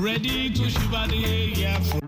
ready to shiver the air yeah,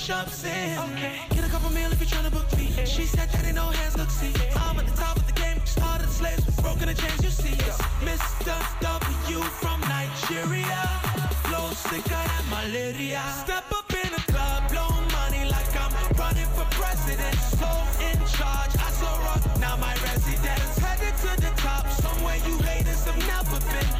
push-ups in. Okay. Get a couple meal if you're trying to book me. She said that ain't no hands, look, see. I'm at the top of the game, started the slaves, broken the chains, you see. Mr. W from Nigeria, flow sicker than malaria. Step up in the club, blow money like I'm running for president. So in charge, I so rock, now my residence. Headed to the top, somewhere you haters have never been.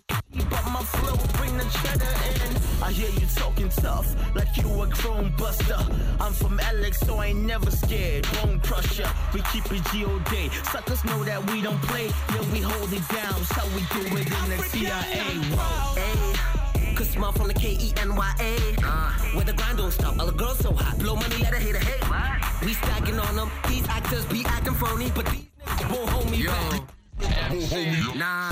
but my flow bring the cheddar in. I hear you talking tough, like you a grown buster. I'm from Alex, so I ain't never scared. Won't crush ya. We keep it G.O.D. Suckers know that we don't play, yeah we hold it down. So we do it in the CIA. Hey, Cause small from the K-E-N-Y-A uh, Where the grind don't stop, all the girls so hot Blow money, let her hate a hate what? We stacking on them, these actors be acting phony But these niggas won't hold me Yo. back Won't hold me Nah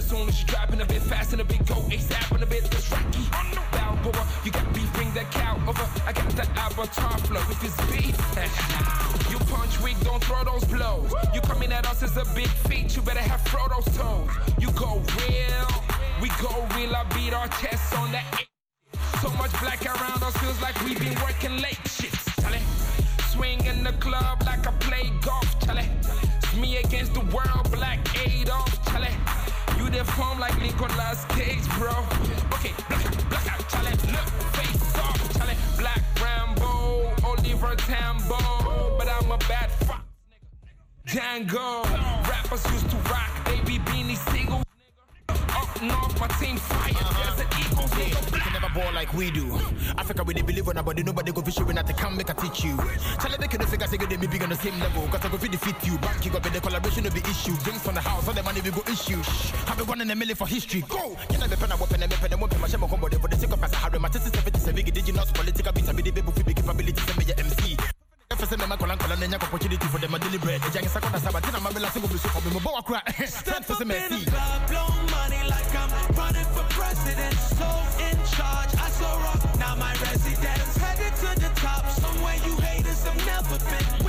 as soon as you driving a bit fast and a bit cold, ASAP and a bit less rocky. I'm no Balboa, you got beef, bring that cow over. I got that avatar flow with this beef. you punch weak, don't throw those blows. You coming at us as a big feat, you better have Frodo's toes. You go real, we go real. I beat our chests on that. So much black around us feels like we've been working late. Shit, Charlie. Swing in the club like I play golf, Tell it, It's me against the world, black eight-offs. Tell it. You deform like Lincoln last cage, bro. Okay, black, black out, challenge, look, face off, challenge, black Rambo, Oliver Tambo, but I'm a bad fuck. Django, rappers used to rock, baby beanie single. Up north, my team fire, there's an eagle, nigga ball like we do. Africa, we they believe on nobody, nobody go fishing when I can make a teach you. Charlie, they can figure say they be big on the same level. Cause I go feed defeat you. Banking up in the collaboration of the issue. Drinks on the house, all the money we go issue. Shh. Have been one in a million for history. Go! Can I be pen and weapon and weapon and weapon? My shame on combo, for the sake of Sahara. My test is 77 digits, not political. Be somebody, baby, capabilities. send be your MC say them a call and call and then you opportunity for them a deliberate. They just a sabatina, my bella single blue so me, my boy a cry. Step up in the club, blow money like I'm running for president. So in charge, I so rock, now my residence. Headed to the top, somewhere you haters have never been.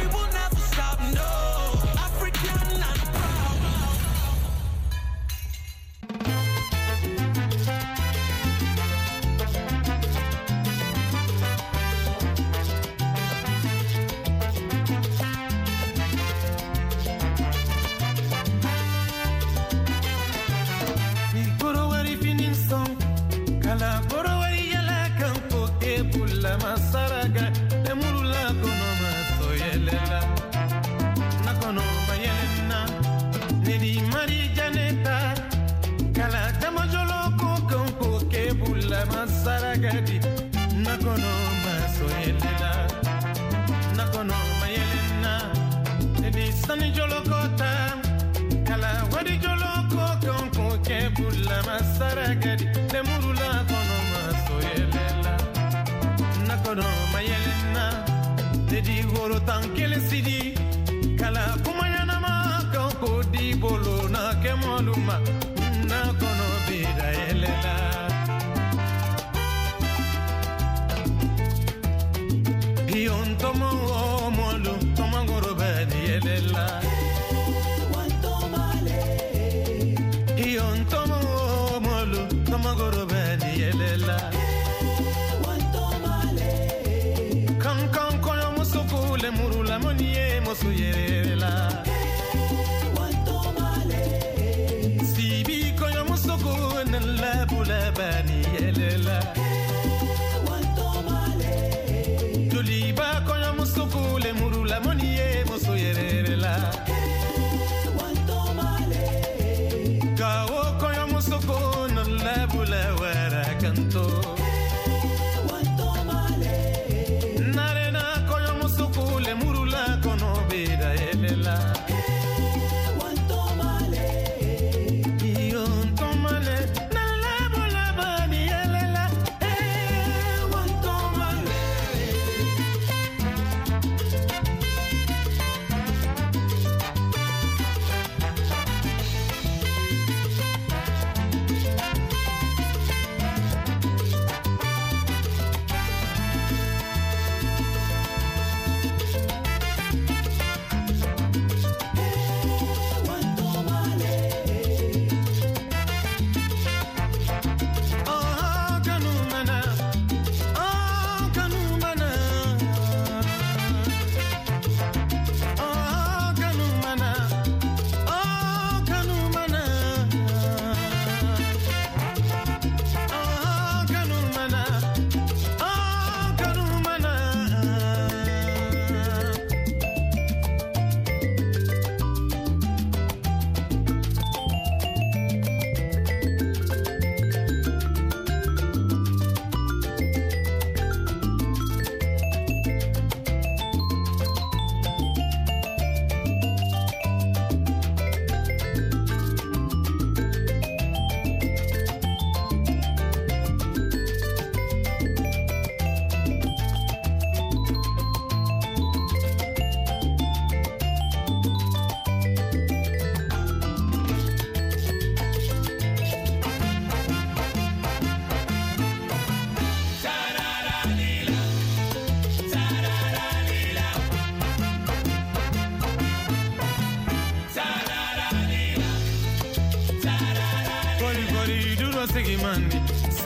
sani joloko ta kala wadi joloko kan kun kɛ bulama sarakɛdi lemurula kono maso so yɛlɛla nakɔdɔ ma yɛlɛna dedi woro tan kelen sidi kala kuma kumayanama kan ko di bolo na kɛmɔlu ma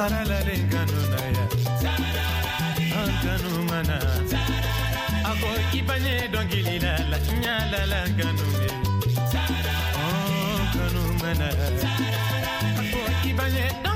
paralale ngano na ya ngano mana ako ibanye dongili la la nyala la ngano me oh mana ako ibanye dongili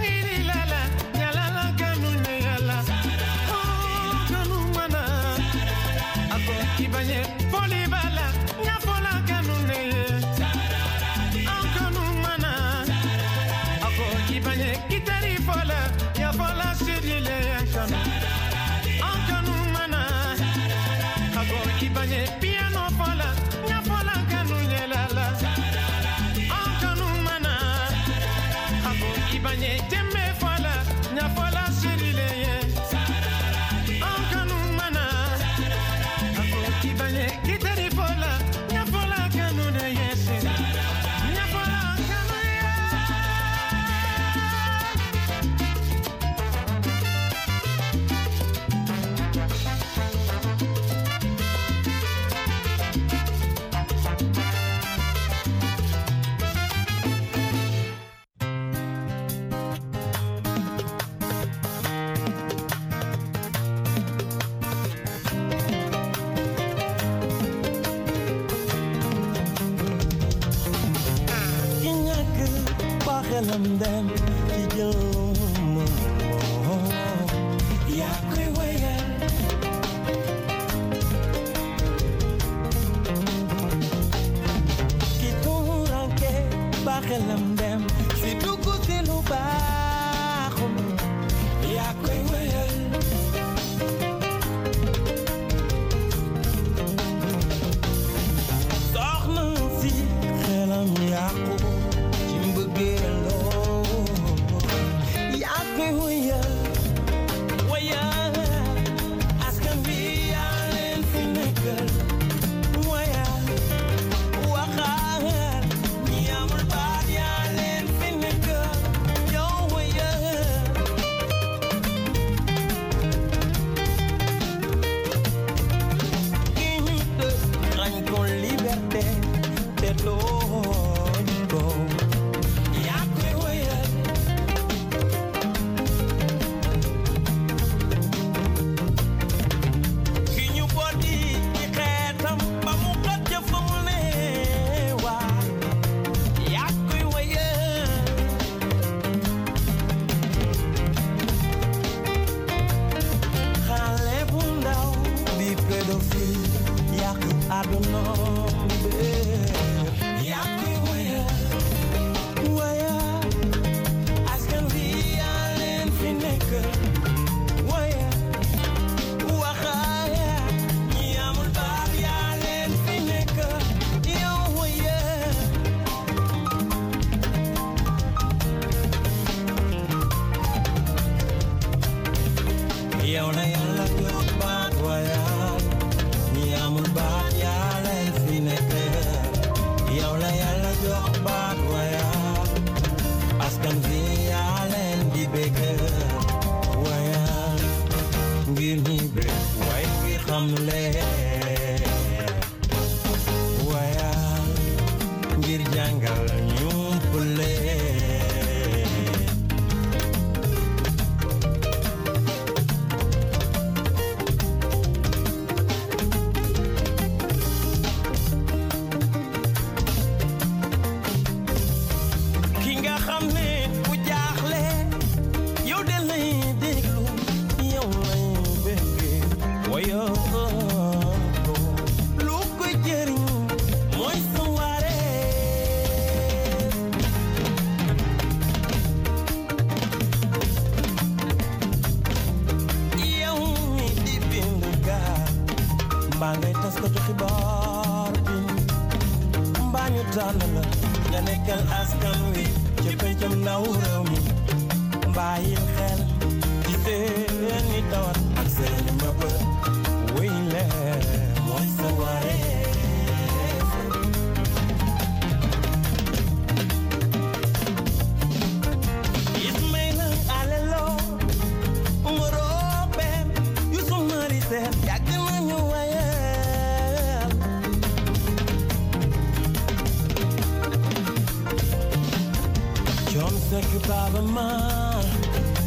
Baba Ma,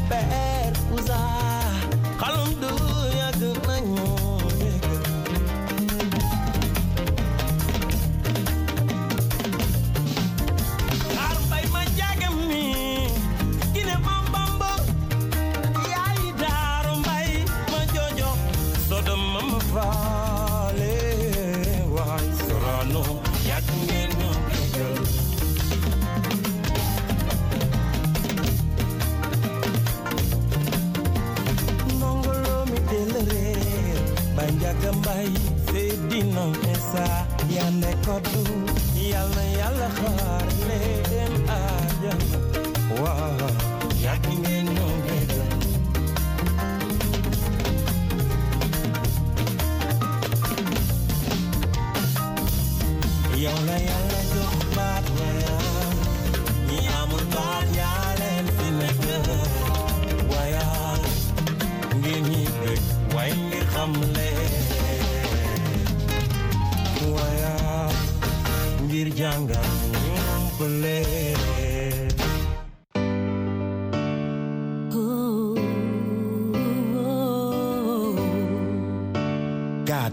Bear Uzar. का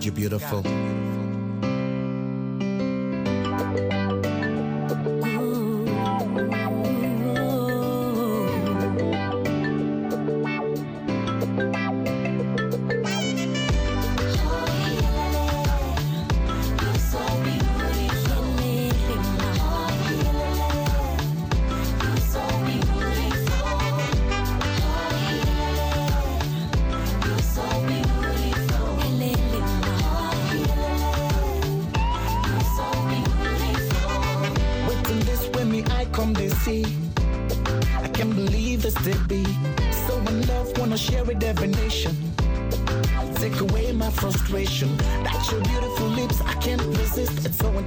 you're beautiful.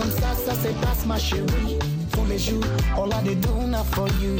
Comme ça, ça se passe ma chérie. Tous les jours, all I did do now for you.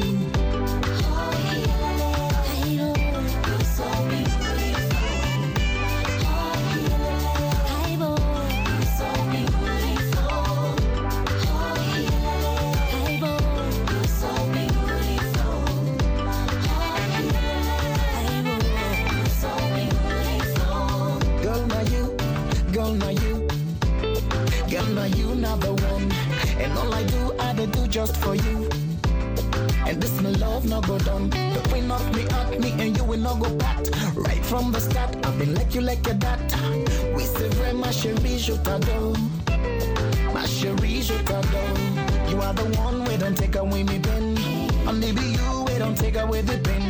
All I do, I do just for you. And this my love no go down. The way knock me up, me and you will not go back. Right from the start, I've been like you like a dat. We say vrai, ma chérie, je t'adore. Ma chérie, je t'adore. You are the one we don't take away me pen. Only be you we don't take away the pen.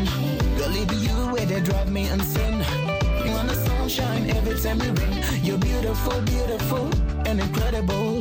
Girl, it be you where they drive me insane. You want the sunshine every time you rain. You're beautiful, beautiful, and incredible.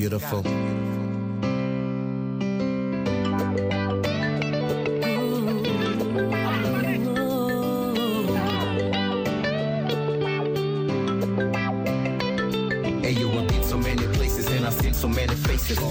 beautiful.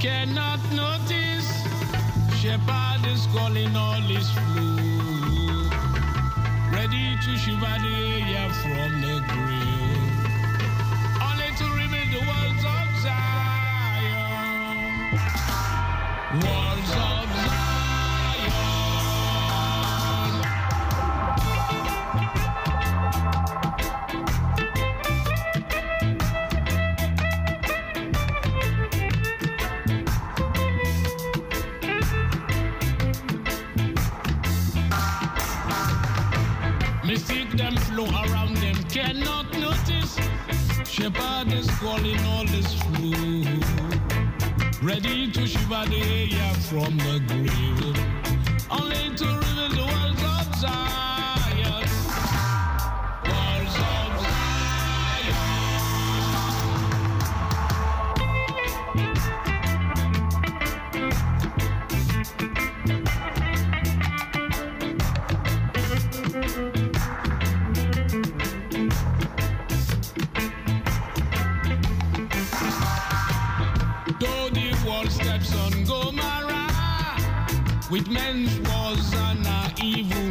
cannot notice. Shepherd is calling all his flow. Ready to shiver the air from the grill Only to remain the walls of Zion. Walls of them flow around them cannot notice. Shepherd is calling all his flow. Ready to shiver the air from the grave. Only to reveal the world's observe. Whitman was an evil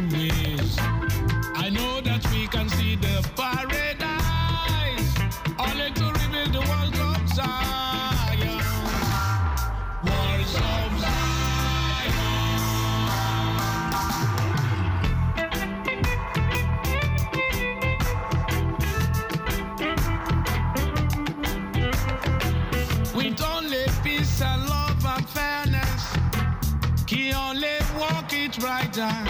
done.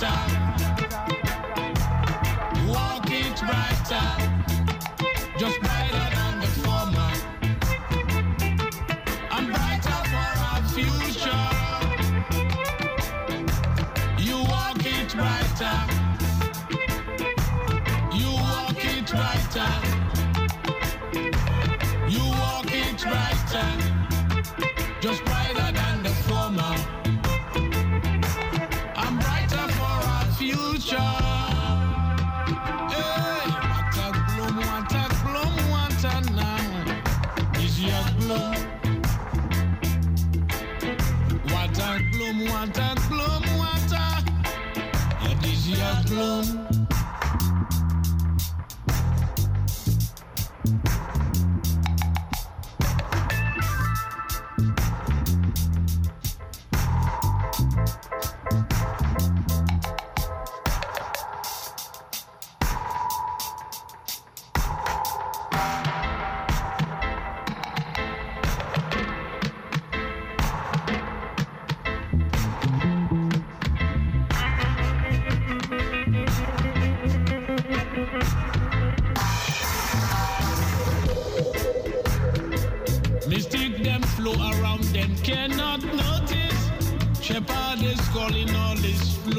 time.